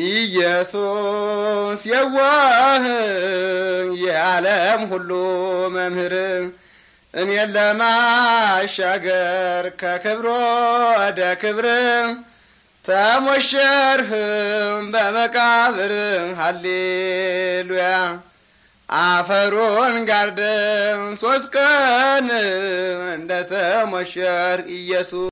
ኢየሱስ የዋህ የዓለም ሁሉ መምህር እኔን ለማሻገር ከክብሮ ወደ ክብር ተሞሸርህም በመቃብር ሃሌሉያ አፈሩን ጋርደም ሶስት ቀን እንደ ተሞሸር ኢየሱስ